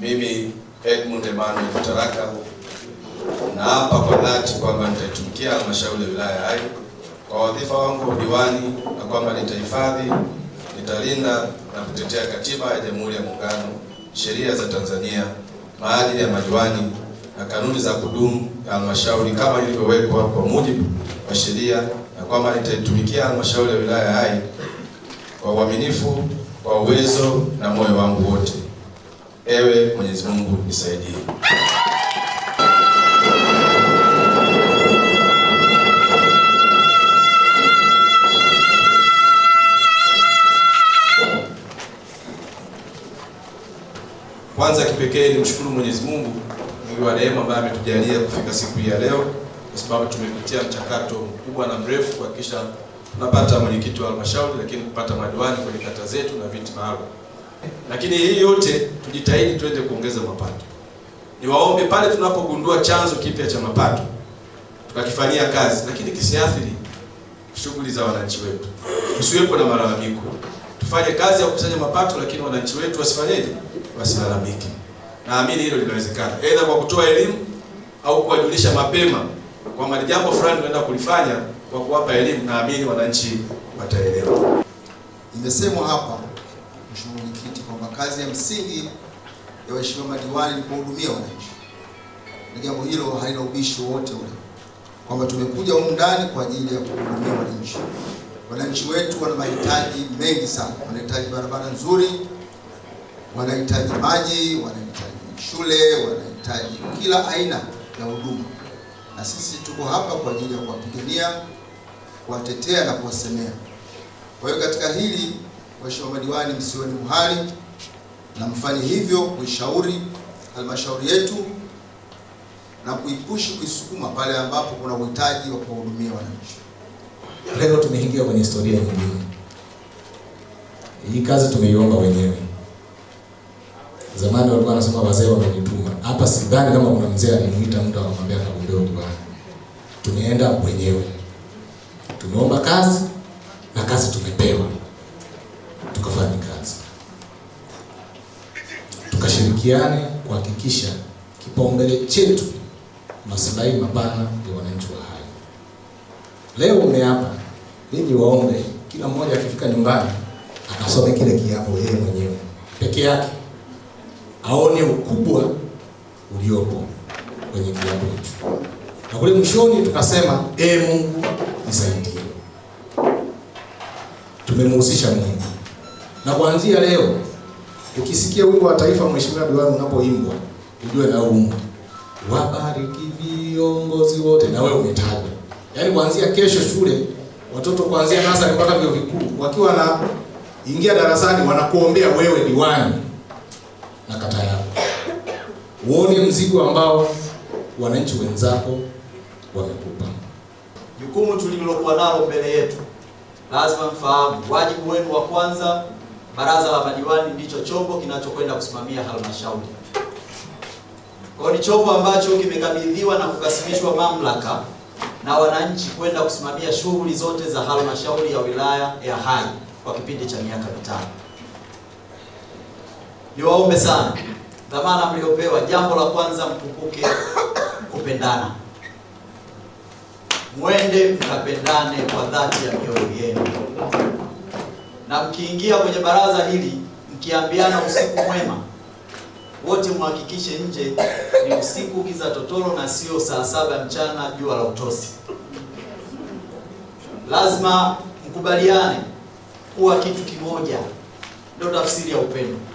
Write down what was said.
Mimi Edmund Emmanuel Mtaraka na hapa kwa dhati kwamba nitaitumikia halmashauri ya wilaya hai kwa wadhifa wangu wa diwani na kwamba nitahifadhi, nitalinda na kutetea katiba ya Jamhuri ya Muungano, sheria za Tanzania, maadili ya madiwani na kanuni za kudumu ya halmashauri kama ilivyowekwa kwa mujibu wa sheria, na kwamba nitaitumikia halmashauri ya wilaya hai kwa uaminifu, kwa uwezo na moyo wangu wote. Ewe Mwenyezi Mungu nisaidie. Kwanza kipekee mshukuru Mwenyezi Mungu mwingi wa rehema ambaye ametujalia kufika siku hii ya leo, kwa sababu tumepitia mchakato mkubwa na mrefu kuhakikisha tunapata mwenyekiti wa halmashauri, lakini kupata madiwani kwenye kata zetu na viti maalum. Lakini hii yote tujitahidi tuende kuongeza mapato. Niwaombe pale tunapogundua chanzo kipya cha mapato tukakifanyia kazi, lakini kisiathiri shughuli za wananchi wetu. Usiwepo na malalamiko, tufanye kazi ya kukusanya mapato, lakini wananchi wetu wasifanyeje? Wasilalamike. Naamini hilo linawezekana, aidha kwa kutoa elimu au kuwajulisha mapema kwamba ni jambo fulani tunaenda kulifanya. Kwa kuwapa elimu, naamini wananchi wataelewa. Imesemwa hapa mheshimiwa kazi ya msingi ya waheshimiwa madiwani ni kuwahudumia wananchi, na jambo hilo halina ubishi wowote ule kwamba tumekuja humu ndani kwa ajili ya kuhudumia wananchi. Wananchi wetu wana mahitaji mengi sana, wanahitaji barabara nzuri, wanahitaji maji, wanahitaji shule, wanahitaji kila aina ya huduma, na sisi tuko hapa kwa ajili ya kuwapigania, kuwatetea na kuwasemea. Kwa hiyo katika hili, waheshimiwa madiwani, msioni muhali na mfanye hivyo kuishauri halmashauri yetu na kuipushi kuisukuma pale ambapo kuna uhitaji wa kuwahudumia wananchi. Leo tumeingia kwenye historia nyingine. Hii kazi tumeiomba wenyewe. Zamani walikuwa wanasema wazee wamenituma. Hapa sidhani kama kuna mzee alimuita mtu akamwambia kagombea udiwani. Tumeenda wenyewe, tumeomba kazi na kazi tumepewa. tushirikiane kuhakikisha kipaumbele chetu maslahi mapana ya wananchi wa Hai. Leo umeapa, ninyi waombe kila mmoja akifika nyumbani akasome kile kiapo yeye mwenyewe peke yake, aone ukubwa uliopo kwenye kiapo hicho, na kule mwishoni tukasema e, Mungu nisaidie. Tumemhusisha Mungu na kuanzia leo Ukisikia wimbo wa taifa, Mheshimiwa Diwani, unapoimbwa ujue na umu wabariki viongozi wote, na wewe umetajwa. Yaani kuanzia kesho shule watoto kuanzia nasari mpaka vyuo vikuu wakiwa na ingia darasani wanakuombea wewe diwani na kata yako, uone mzigo ambao wananchi wenzako wamekupa. Jukumu tulilokuwa nalo mbele yetu, lazima mfahamu wajibu wenu wa kwanza Baraza la madiwani ndicho chombo kinachokwenda kusimamia halmashauri. Kwa ni chombo ambacho kimekabidhiwa na kukasimishwa mamlaka na wananchi kwenda kusimamia shughuli zote za halmashauri ya wilaya ya Hai kwa kipindi cha miaka mitano. Niwaombe sana, dhamana mliopewa, jambo la kwanza mkumbuke kupendana, mwende mkapendane kwa dhati ya mioyo yenu na mkiingia kwenye baraza hili mkiambiana usiku mwema, wote mhakikishe nje ni usiku kiza totoro, na sio saa saba mchana jua la utosi. Lazima mkubaliane kuwa kitu kimoja, ndio tafsiri ya upendo.